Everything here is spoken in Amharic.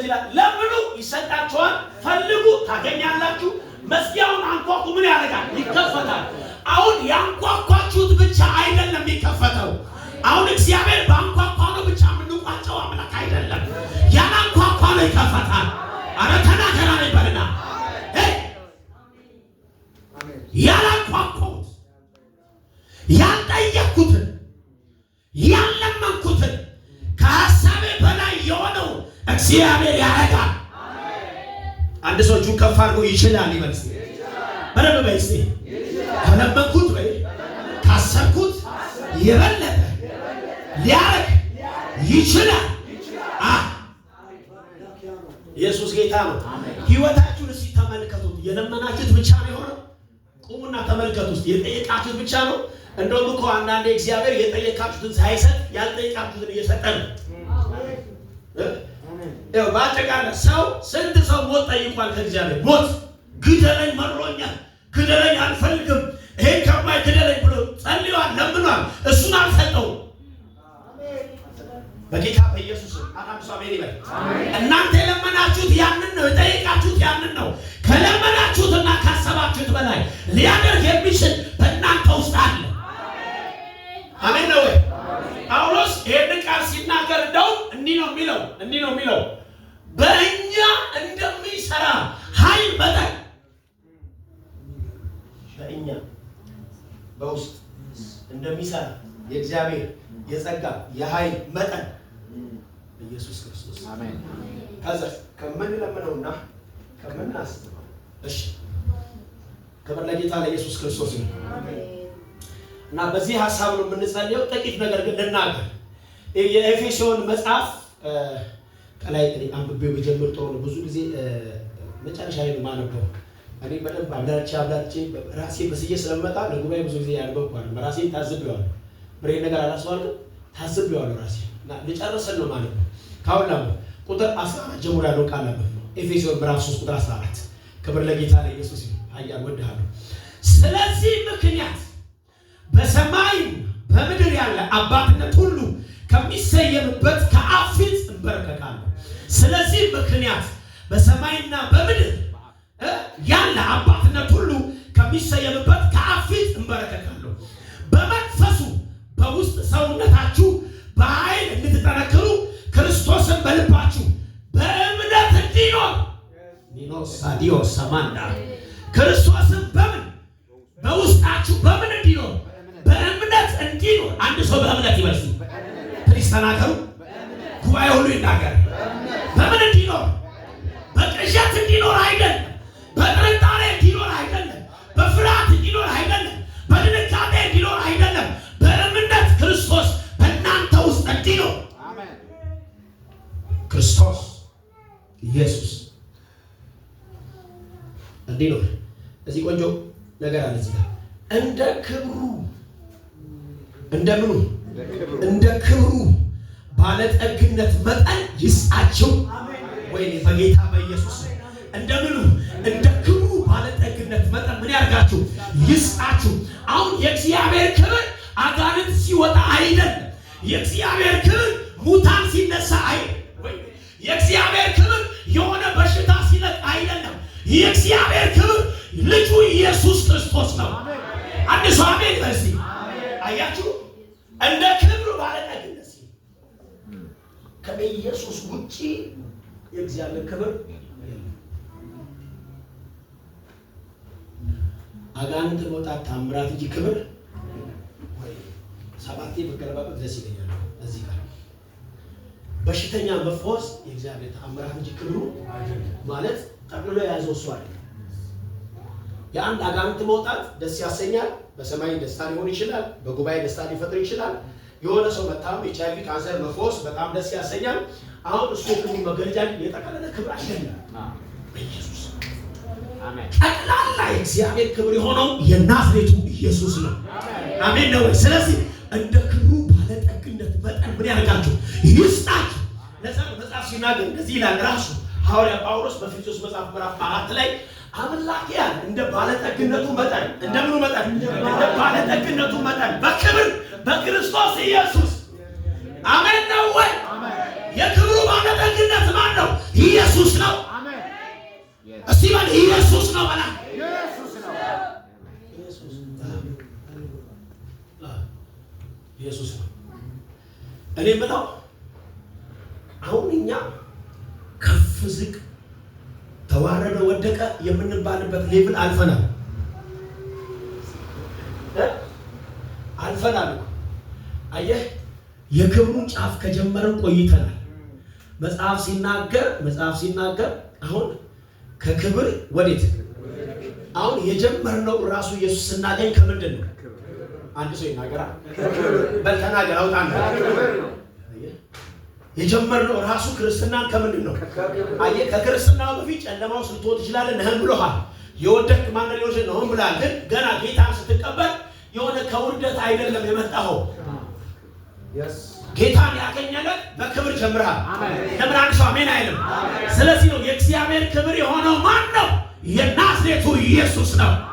እንደዚህ ይላል፣ ለምኑ ይሰጣችኋል፣ ፈልጉ ታገኛላችሁ፣ መዝጊያውን አንኳኩ ምን ያደርጋል? ይከፈታል። አሁን ያንኳኳችሁት ብቻ አይደለም የሚከፈተው። አሁን እግዚአብሔር በአንኳኳ ነው ብቻ የምንቋጨው አምላክ አይደለም። ያላንኳኳ ነው ይከፈታል። አረ ተናገራ እግዚአብሔር ያረጋል። አንድ ሰው እጁን ከፍ አድርጎ ይችላል ይበል እስኪ በደንብ በይ እስኪ ከለመንኩት ወይ ካሰብኩት የበለጠ ሊያረግ ይችላል። ኢየሱስ ጌታ ነው። ህይወታችሁን እስኪ ተመልከቱት። የለመናችሁት ብቻ ነው የሆነው? ቁሙና ተመልከቱ። ውስጥ የጠየቃችሁት ብቻ ነው። እንደውም እኮ አንዳንዴ እግዚአብሔር የጠየቃችሁትን ሳይሰጥ ያልጠየቃችሁትን እየሰጠ ነው። ያው ሰው ስንት ሰው ሞት ጠይቋል ከእግዚአብሔር ሞት ግደለኝ መሮኛል፣ ግደለኝ አልፈልግም፣ ይሄን ከማይ ግደለኝ ብሎ ጸልዋል፣ ለምኗል። እሱን አልሰጠው በጌታ በኢየሱስ አናምሷ ቤት ይበል። እናንተ የለመናችሁት ያንን ነው፣ የጠየቃችሁት ያንን ነው። ከለመናችሁትና ካሰባችሁት በላይ ሊያደርግ የሚችል በእናንተ ውስጥ አለ። አሜን ነው ወይ? ጳውሎስ ይህንን ቃል ሲናገር እንደውም እንዲህ ነው የሚለው እንዲህ ነው የሚለው በእኛ እንደሚሰራ ኃይል መጠን በእኛ በውስጥ እንደሚሰራ የእግዚአብሔር የጸጋ የኃይል መጠን ኢየሱስ ክርስቶስ አሜን። ከዛ ከምንለምነውና ከምናስበው እሺ፣ ክብር ለጌታ ለኢየሱስ ክርስቶስ ነው። እና በዚህ ሀሳብ ነው የምንጸልየው። ጥቂት ነገር ግን ልናገር የኤፌሶን መጽሐፍ ከላይ አንብቤ ብጀምር ጥሩ ነው። ብዙ ጊዜ መጨረሻ ላይ ነው እኔ በደንብ ራሴ በስዬ ስለመጣ ለጉባኤ ብዙ ጊዜ ታዝቤዋለሁ። ነገር ታዝቤዋለሁ። ራሴ ነው ማለት ነው። ካሁን ቁጥር 14 ጀምሮ ያለው ቃል ነበር ነው። ኤፌሶን ምዕራፍ 3 ቁጥር 14 ክብር ለጌታ ለኢየሱስ አያል ስለዚህ ምክንያት በሰማይ በምድር ያለ አባትነት ሁሉ ከሚሰየምበት ስለዚህ ምክንያት በሰማይና በምድር ያለ አባትነት ሁሉ ከሚሰየምበት ከአብ ፊት እንበረከካለሁ። በመንፈሱ በውስጥ ሰውነታችሁ በኃይል እንድትጠነክሩ ክርስቶስን በልባችሁ በእምነት እንዲኖር ኒኖሳዲዮ ሰማንዳ ክርስቶስን በምን በውስጣችሁ በምን እንዲኖር በእምነት እንዲኖር። አንድ ሰው በእምነት ይበልሱ። ፕሊስ ተናገሩ። ጉባኤ ሁሉ ይናገር። በቅዠት እንዲኖር አይደለም፣ በጥርጣሬ እንዲኖር አይደለም፣ በፍርሃት እንዲኖር አይደለም፣ በድንጋጤ እንዲኖር አይደለም። በእምነት ክርስቶስ በእናንተ ውስጥ እንዲኖር ክርስቶስ ኢየሱስ እንዲኖር እዚህ ቆንጆ ነገር አለ እዚህ ጋር እንደ ክብሩ እንደምኑ እንደ ክብሩ ባለጠግነት መጠን ይስጣችሁ። ወይኔ በጌታ በኢየሱስ እንደምኑ እንደ ክብሩ ባለጠግነት መጠን ምን ያርጋችሁ ይስጣችሁ። አሁን የእግዚአብሔር ክብር አጋንንት ሲወጣ አይደለም። የእግዚአብሔር ክብር ሙታን ሲነሳ አይ ወይ የእግዚአብሔር ክብር የሆነ በሽታ ሲለቅ አይደለም። የእግዚአብሔር ክብር ልጁ ኢየሱስ ክርስቶስ ነው። አንድ ሰው አሜን በዚ አያችሁ። እንደ ክብሩ ባለጠግነት ከኢየሱስ ውጪ የእግዚአብሔር ክብር አጋንንት መውጣት ታምራት እንጂ ክብር ሰባቴ መገለባበት ደስ ይለኛል። እዚህ ጋር በሽተኛ መፈወስ የእግዚአብሔር ታምራት እንጂ ክብሩ ማለት ጠቅልሎ የያዘው እሱ አለ። የአንድ አጋንንት መውጣት ደስ ያሰኛል። በሰማይ ደስታ ሊሆን ይችላል። በጉባኤ ደስታ ሊፈጥር ይችላል። የሆነ ሰው መታመም፣ ኤች አይ ቪ ካንሰር መፈወስ በጣም ደስ ያሰኛል። አሁን እሱ የክብሩ መገለጫ የጠቀለለ ክብር አሸነፈ በኢየሱስ ጠቅላላ የእግዚአብሔር ክብር የሆነው የናዝሬቱ ኢየሱስ ነው። አሜን ነው። ስለዚህ እንደ ክብሩ ባለጠግነት መጠን ምን ያደርጋችሁ ይስጣችሁ። ለዛ መጽሐፍ ሲናገር እንደዚህ ይላል ራሱ ሐዋርያ ጳውሎስ በፊልጵስዩስ መጽሐፍ ምዕራፍ አራት ላይ አምላክ ያ እንደ ባለጠግነቱ መጠን እንደምኑ መጠን እንደ ባለጠግነቱ መጠን በክብር በክርስቶስ ኢየሱስ ነው በላ ኢየሱስ ነው። እኔ የምለው አሁን እኛ ከፍ ዝቅ፣ ተዋረደ፣ ወደቀ የምንባልበት ሌብል አልፈናል አልፈናል። አየህ የክብሩን ጫፍ ከጀመረን ቆይተናል። መጽሐፍ ሲናገር መጽሐፍ ሲናገር አሁን ከክብር ወዴት አሁን የጀመርነው ራሱ ኢየሱስ ስናገኝ ከምንድን ነው? አንድ ሰው ይናገራል። በተናገር አውጣ የጀመርነው ራሱ ክርስትናን ከምንድን ነው? አየህ፣ ከክርስትና በፊት ጨለማ ውስጥ ልትሆን ትችላለህ። ነህም ብሎሃል። የወደድክ ማን ሊሆን ነው? ብላል። ግን ገና ጌታን ስትቀበል የሆነ ከውርደት አይደለም የመጣኸው። ጌታን ያገኘለት በክብር ጀምረሃል። ለምን አንድ ሰው አሜን አይልም? ስለዚህ ነው የእግዚአብሔር ክብር የሆነው ማን ነው? የናዝሬቱ ኢየሱስ ነው።